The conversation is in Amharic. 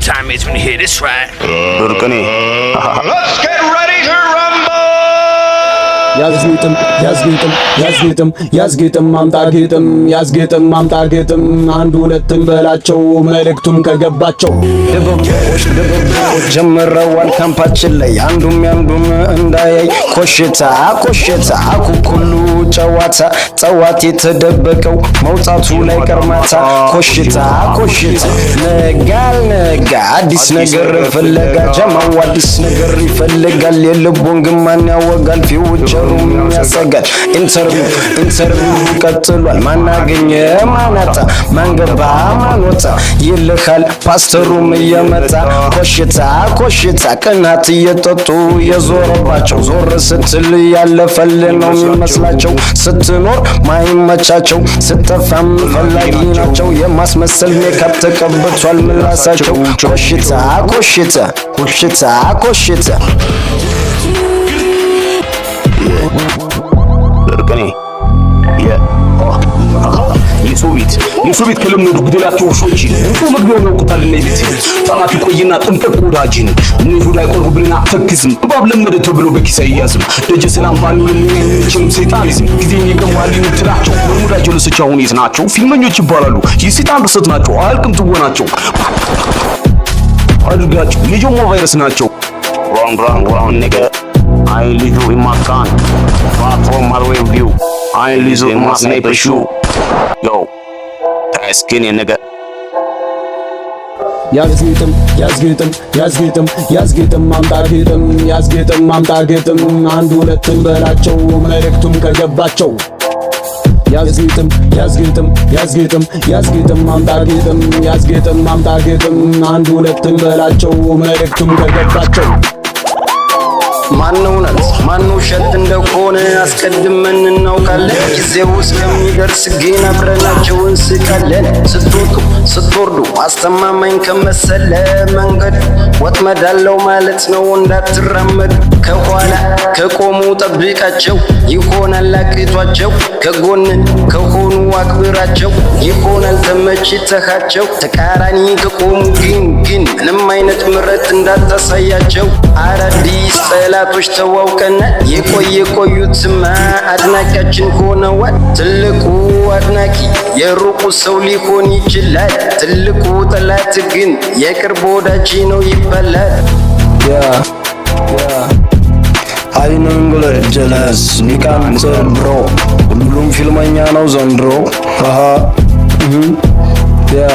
time is when you hear this, right? Let's get ready. ያዝ ግጥም ያዝ ግጥም ያዝ ግጥም አምጣ ግጥም ያዝ አምጣ ግጥም አንድ ሁለትን በላቸው መልእክቱም ከገባቸው ድብብቆሽ ድብብቆሽ ጀምረዋል ካምፓችን ላይ አንዱም ያንዱም እንዳያይ ኮሽታ ኮሽታ አኩኩሉ ጨዋታ ጠዋት የተደበቀው መውጣቱ ላይ ቀርማታ ኮሽታ ኮሽታ ነጋል ነጋ አዲስ ነገር ፍለጋ ጀማው አዲስ ነገር ይፈልጋል የልቦን ግማን ያወጋል ፊውቸር የሚያሰጋል። ኢንተርቪው ኢንተርቪው ቀጥሏል። ማናገኘ ማናጣ ማንገባ ማንወጣ ይልካል ፓስተሩም እየመጣ ኮሽታ ኮሽታ ቅናት እየጠጡ የዞረባቸው ዞር ስትል ያለፈልን ነው የሚመስላቸው። ስትኖር ማይመቻቸው ስትጠፋም ፈላጊ ናቸው። የማስመሰል ሜካፕ ተቀብቷል ምላሳቸው ኮሽታ ኮሽታ ኮሽታ ኮሽታ እርቅኔ የሶቪት የሶቪት ከለመዱ ግደላቸው ውሾችን እኮ መግቢያውን ያውቁታል። ይልት ጠላት ይቆይና ጥንቅቅ ወዳጅን እነዙ ላይ ቆርቡብንና አተክዝም እባብ ለመደ ተብሎ በኪስ አያዝም ደጀ ሰላም ባሉ ለሚችም ሴጣኒዝም ጊዜ ይገባል ትላቸው መርሙዳቸው ለስቻ ሁኔት ናቸው። ፊልመኞች ይባላሉ። የሴጣን ርሰት ናቸው። አያልቅም ትወናቸው አድርጋቸው የጆሞ ቫይረስ ናቸው። ራን ራን ራን ነገር I lethal in my gun. Far from my way view. I lethal in my sniper shoe. Yo, that skinny nigga. ያዝ ግጥም ያዝ ግጥም ያዝ ግጥም ያዝ ግጥም አምጣ ግጥም ያዝ ግጥም አምጣ ግጥም አንድ ሁለትን በላቸው መልእክቱም ከገባቸው ያዝ ግጥም ያዝ ግጥም ያዝ ግጥም ያዝ ግጥም አምጣ ግጥም ያዝ ግጥም አምጣ ግጥም አንድ ሁለትን በላቸው መልእክቱም ከገባቸው ማነው እውነት ማነው ውሸት እንደሆነ አስቀድመን እናውቃለን። ጊዜው እስከሚደርስ ግን አብረናቸው እንስቃለን። ስትወጡ ስትወርዱ አስተማማኝ ከመሰለ መንገድ ወጥመድ አለው ማለት ነው እንዳትራመዱ ከኋላ ከቆሙ ጠብቃቸው ይሆናል ላቅቷቸው ከጎን ከሆኑ አክብራቸው ይሆናል ተመችተሃቸው ተቃራኒ ከቆሙ ግን ግን ምንም አይነት ምረት እንዳታሳያቸው አዳዲስ ጠላቶች ተዋውቀናል የቆየ ቆዩትማ አድናቂያችን ሆነዋል ትልቁ አድናቂ የሩቁ ሰው ሊሆን ይችላል ትልቁ ጠላት ግን የቅርብ ወዳጅ ነው ይባላል አይንንግል ጀለስ ሚቃንጽር ብሮ ሁሉም ፊልመኛ ነው ዘንድሮ ያ